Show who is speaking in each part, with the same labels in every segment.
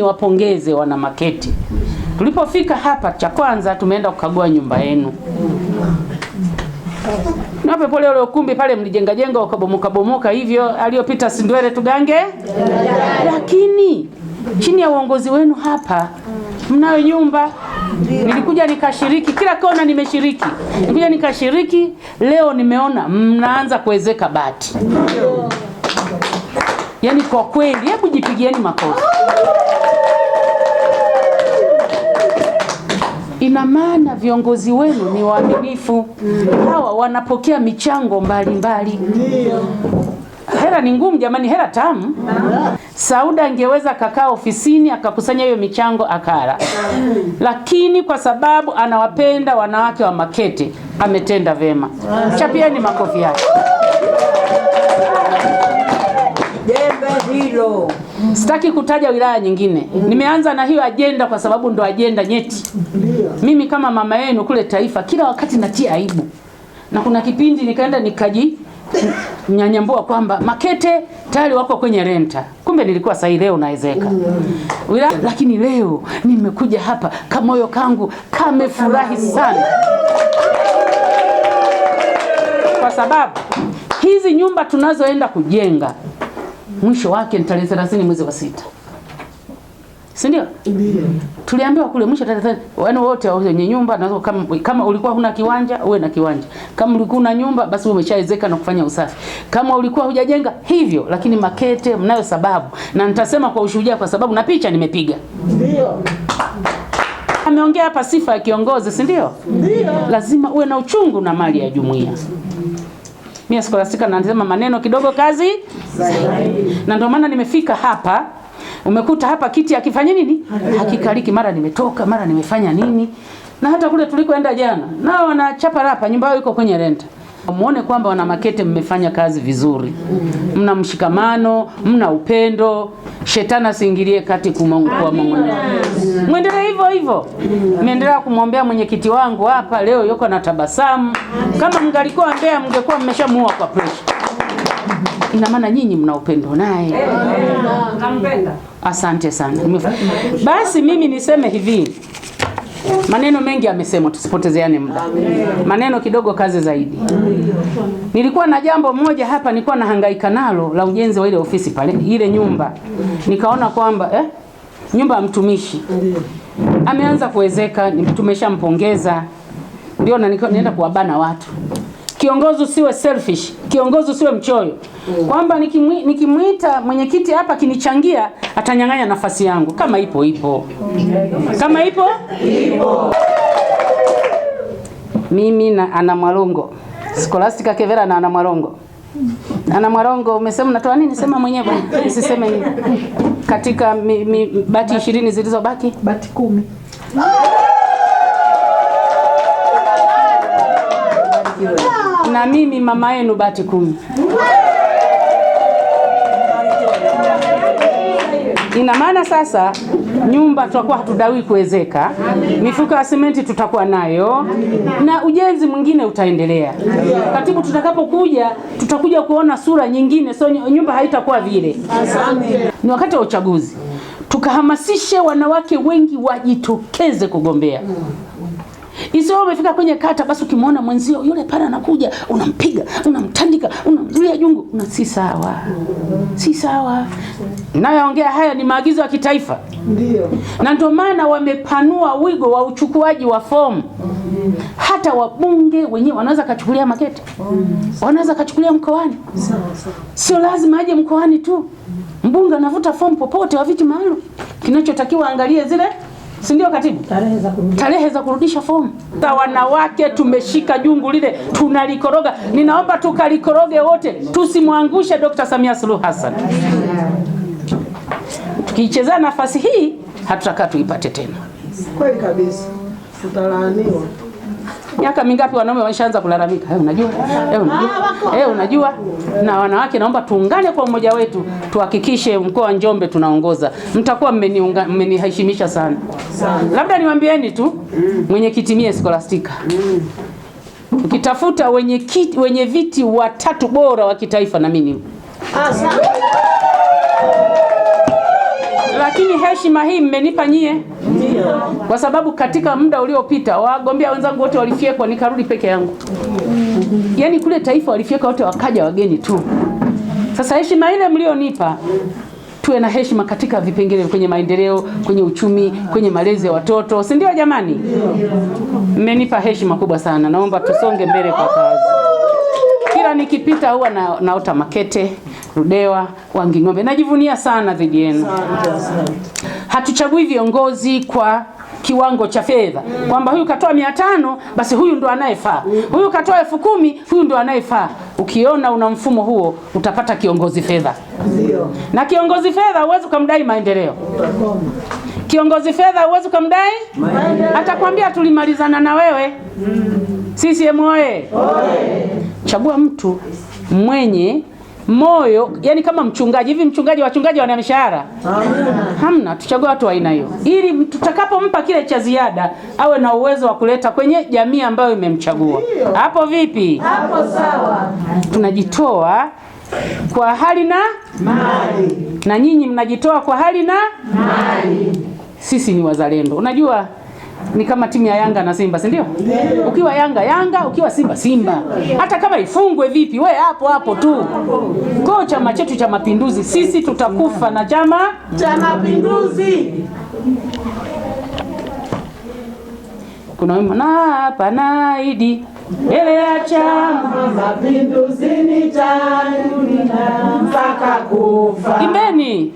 Speaker 1: Niwapongeze wana Makete, tulipofika hapa, cha kwanza tumeenda kukagua nyumba yenu. niwape pole, ule ukumbi pale mlijenga jenga ukabomoka bomoka hivyo, aliyopita sindwele tugange, lakini chini ya uongozi wenu hapa mnayo nyumba. Nilikuja nikashiriki kila kona, nimeshiriki nilikuja nikashiriki. Leo nimeona mnaanza kuwezeka bati, yaani kwa kweli, hebu jipigieni makofi. Ina maana viongozi wenu ni waaminifu, hawa wanapokea michango mbalimbali mbali. Hela ni ngumu jamani, hela tamu. Sauda angeweza akakaa ofisini akakusanya hiyo michango akala, lakini kwa sababu anawapenda wanawake wa Makete ametenda vema. Chapieni makofi yake. hilo. Sitaki kutaja wilaya nyingine. Nimeanza na hiyo ajenda kwa sababu ndo ajenda nyeti. Mimi kama mama yenu kule taifa kila wakati natia aibu. Na kuna kipindi nikaenda nikaji nyanyambua kwamba Makete tayari wako kwenye renta, kumbe nilikuwa sahi. Leo naezeka wilaya, lakini leo nimekuja hapa, kamoyo kangu kamefurahi sana kwa sababu hizi nyumba tunazoenda kujenga mwisho wake ni tarehe 30 mwezi wa sita, si ndio? Tuliambiwa kule mwisho tarehe 30, yani wote wenye nyumba na kama, kama ulikuwa huna kiwanja uwe na kiwanja, kama ulikuwa una nyumba basi umeshaezeka na kufanya usafi, kama ulikuwa hujajenga hivyo. Lakini Makete mnayo sababu, na nitasema kwa ushuhuda, kwa sababu na picha nimepiga, ndio ameongea hapa sifa ya kiongozi, si ndio? Lazima uwe na uchungu na mali ya jumuiya. Mimi Scholastica nasema maneno kidogo kazi zaidi. Na ndio maana nimefika hapa, umekuta hapa kiti hakifanya nini, hakikaliki. Mara nimetoka mara nimefanya nini, na hata kule tulikoenda jana nao wanachapa rapa, nyumba yao iko kwenye renta. Muone kwamba wana Makete mmefanya kazi vizuri, mna mshikamano, mna upendo. Shetani asiingilie kati kwa Mungu hivyo hivyo nimeendelea kumwombea mwenyekiti wangu hapa, leo yuko na tabasamu. Kama mngalikuwa Mbeya, mngekuwa mmeshamuua kwa presha. Ina maana nyinyi mna upendo naye. Asante sana. Basi mimi niseme hivi, maneno mengi amesema tusipotezeane muda, maneno kidogo, kazi zaidi. Nilikuwa na jambo moja hapa, nilikuwa nahangaika nalo la ujenzi wa ile ofisi pale, ile nyumba, nikaona kwamba eh, nyumba ya mtumishi ameanza kuwezeka, tumeshampongeza. Ndio naenda kuwabana watu, kiongozi usiwe selfish, kiongozi usiwe mchoyo, kwamba nikimwita mwenyekiti hapa akinichangia atanyang'anya nafasi yangu. Kama ipo ipo, kama ipo ipo. Mimi na Ana Mwalongo Scholastica Kevera na Ana Mwalongo ana Mwarongo, umesema natoa nini? Sema mwenyewe, usiseme hivi. Katika mi, mi, bati ishirini zilizobaki bati kumi na mimi mama yenu bati kumi. Ina maana sasa nyumba tutakuwa hatudawi kuwezeka, mifuko ya simenti tutakuwa nayo na ujenzi mwingine utaendelea. Katibu, tutakapokuja tutakuja kuona sura nyingine, so nyumba haitakuwa vile. Ni wakati wa uchaguzi, tukahamasishe wanawake wengi wajitokeze kugombea. Isiwe umefika kwenye kata basi ukimwona mwenzio yule pale anakuja, unampiga, unamtandika, unamzuia jungu, una si sawa. Si sawa. Nayoongea haya ni maagizo ya kitaifa. Ndio. Na ndio maana wamepanua wigo wa uchukuaji wa fomu. Hata wabunge wenyewe wanaweza kachukulia Makete. Wanaweza kachukulia mkoani. Sio lazima aje mkoani tu. Mbunge anavuta fomu popote wa viti maalum. Kinachotakiwa angalie zile si ndio katibu? Tarehe za kurudisha fomu. Wanawake tumeshika jungu lile, tunalikoroga. Ninaomba tukalikoroge wote, tusimwangushe Dr. Samia Suluhu Hassan. Tukiichezea nafasi hii hatutakaa tuipate tena.
Speaker 2: Kweli kabisa, tutalaaniwa
Speaker 1: miaka mingapi wanaume wameshaanza kulalamika, eh, unajua eh, unajua eh, unajua. Na wanawake, naomba tuungane kwa umoja wetu, tuhakikishe mkoa wa Njombe tunaongoza. Mtakuwa mmeniheshimisha sana. Labda niwaambieni tu mwenyekiti mie Scholastica ukitafuta wenye, kiti, wenye viti watatu bora wa kitaifa na mimi lakini heshima hii mmenipa nyie kwa sababu katika muda uliopita wagombea wenzangu wote walifyekwa, nikarudi peke yangu. Yaani kule taifa walifyekwa wote, wakaja wageni tu. Sasa heshima ile mlionipa tuwe na heshima katika vipengele kwenye maendeleo, kwenye uchumi, kwenye malezi ya watoto, si ndio? Jamani, mmenipa heshima kubwa sana. Naomba tusonge mbele kwa kazi. Kila nikipita huwa na, naota Makete, wangi Wanging'ombe, najivunia sana dhidi yenu hatuchagui viongozi kwa kiwango cha fedha mm. kwamba huyu katoa mia tano basi huyu ndo anayefaa mm. huyu katoa elfu kumi huyu ndo anayefaa. Ukiona una mfumo huo utapata kiongozi fedha na kiongozi fedha huwezi ukamdai maendeleo kiongozi fedha huwezi ukamdai atakwambia tulimalizana na wewe mm. CCM e. oye! Chagua mtu mwenye moyo yani, kama mchungaji hivi, mchungaji wachungaji wana mishahara hamna? Tuchague watu aina hiyo, ili tutakapompa kile cha ziada awe na uwezo wa kuleta kwenye jamii ambayo imemchagua. Hapo vipi? Hapo sawa. Tunajitoa kwa hali na mali, na nyinyi mnajitoa kwa hali na mali. Sisi ni wazalendo, unajua ni kama timu ya Yanga na Simba, si ndio? Ukiwa Yanga Yanga, ukiwa Simba Simba. Hata kama ifungwe vipi, we hapo hapo tu. Kwa chama chetu cha Mapinduzi, sisi tutakufa na chama
Speaker 3: cha Mapinduzi.
Speaker 1: Kuna wema na panaidi mbele ya chama Mapinduzi ni mpaka kufa. Imbeni,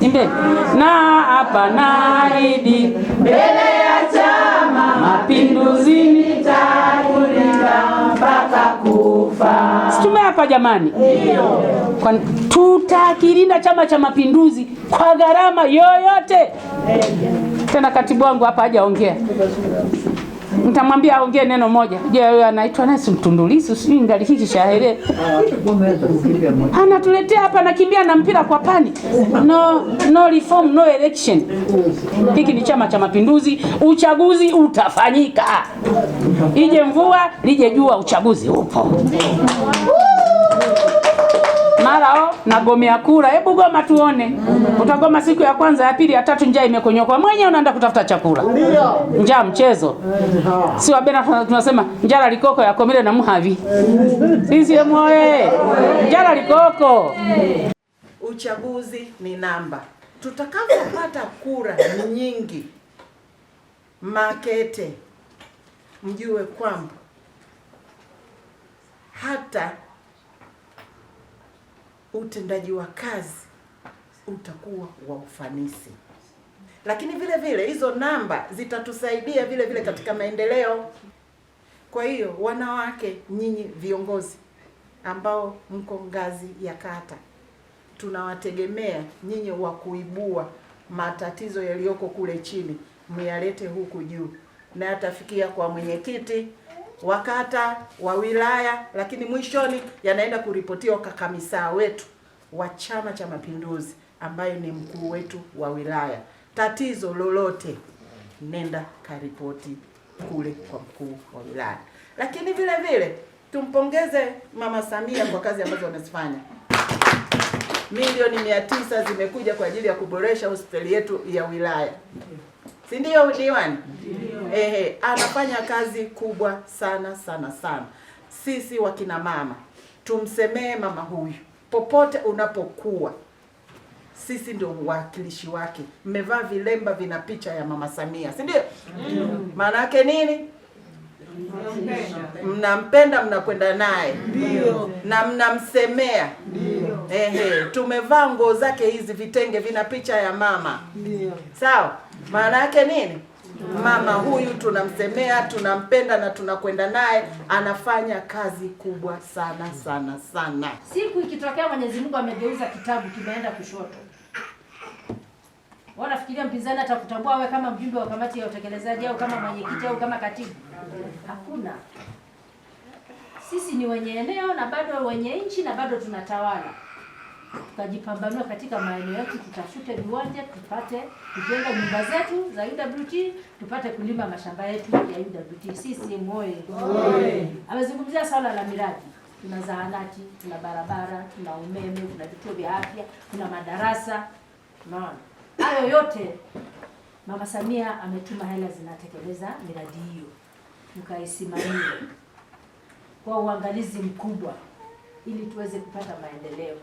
Speaker 1: imbeni na hapa naidi mbele ya mapinduzini nitakulinda mpaka kufa. Situme hapa jamani, tutakilinda Chama cha Mapinduzi kwa gharama yoyote. Tena katibu wangu hapa hajaongea nitamwambia aongee neno moja. Je, wewe anaitwa nani? Mtundulisu sijui ngali hiki shahere anatuletea hapa, nakimbia na mpira kwa pani. No, no reform no election. Hiki ni Chama cha Mapinduzi, uchaguzi utafanyika, ije mvua lije jua, uchaguzi upo mara o nagomea kura hebu goma tuone. Mm. Utagoma siku ya kwanza, ya pili, ya tatu, njaa imekonyoka mwenyewe, unaenda kutafuta chakula. Njaa mchezo, si wabena tunasema njara likoko yakomile na muhavi mm. oye njara likoko. Uchaguzi ni namba, tutakapopata kura nyingi Makete, mjue kwamba hata utendaji wa kazi utakuwa wa ufanisi. Lakini vile vile hizo namba zitatusaidia vile vile katika maendeleo. Kwa hiyo, wanawake, nyinyi viongozi ambao mko ngazi ya kata, tunawategemea nyinyi wa kuibua matatizo yaliyoko kule chini, myalete huku juu na yatafikia kwa mwenyekiti wa kata, wa wilaya, lakini mwishoni yanaenda kuripotiwa kwa kamisaa wetu wa Chama cha Mapinduzi ambayo ni mkuu wetu wa wilaya. Tatizo lolote, nenda karipoti kule kwa mkuu wa wilaya. Lakini vile vile tumpongeze Mama Samia kwa kazi ambazo anazifanya. Milioni mia tisa zimekuja kwa ajili ya kuboresha hospitali yetu ya wilaya si ndio diwani? Ehe, anafanya kazi kubwa sana sana sana. Sisi wakina mama tumsemee mama huyu, popote unapokuwa, sisi ndio uwakilishi wake. Mmevaa vilemba vina picha ya mama Samia, si ndio? maana yake nini? Mnampenda, mnakwenda naye na mnamsemea. Ehe, tumevaa nguo zake hizi, vitenge vina picha ya mama, sawa maana yake nini? Mama huyu tunamsemea, tunampenda na tunakwenda naye, anafanya kazi kubwa sana sana sana. Siku ikitokea Mwenyezi Mungu amegeuza kitabu kimeenda kushoto, wao nafikiria mpinzani atakutambua kutambua awe kama mjumbe wa kamati ya utekelezaji au kama mwenyekiti au kama katibu, hakuna. Sisi ni wenye eneo na bado wenye nchi na bado tunatawala tukajipambanua katika maeneo yetu, tutafute viwanja, tupate kujenga nyumba zetu za UWT, tupate kulima mashamba yetu ya UWT. CCM oye! Amezungumzia swala la miradi, tuna zahanati, tuna barabara, tuna umeme, tuna vituo vya afya, tuna madarasa. Unaona hayo yote Mama Samia ametuma hela zinatekeleza miradi hiyo, tukaisimamia kwa uangalizi mkubwa ili tuweze kupata maendeleo.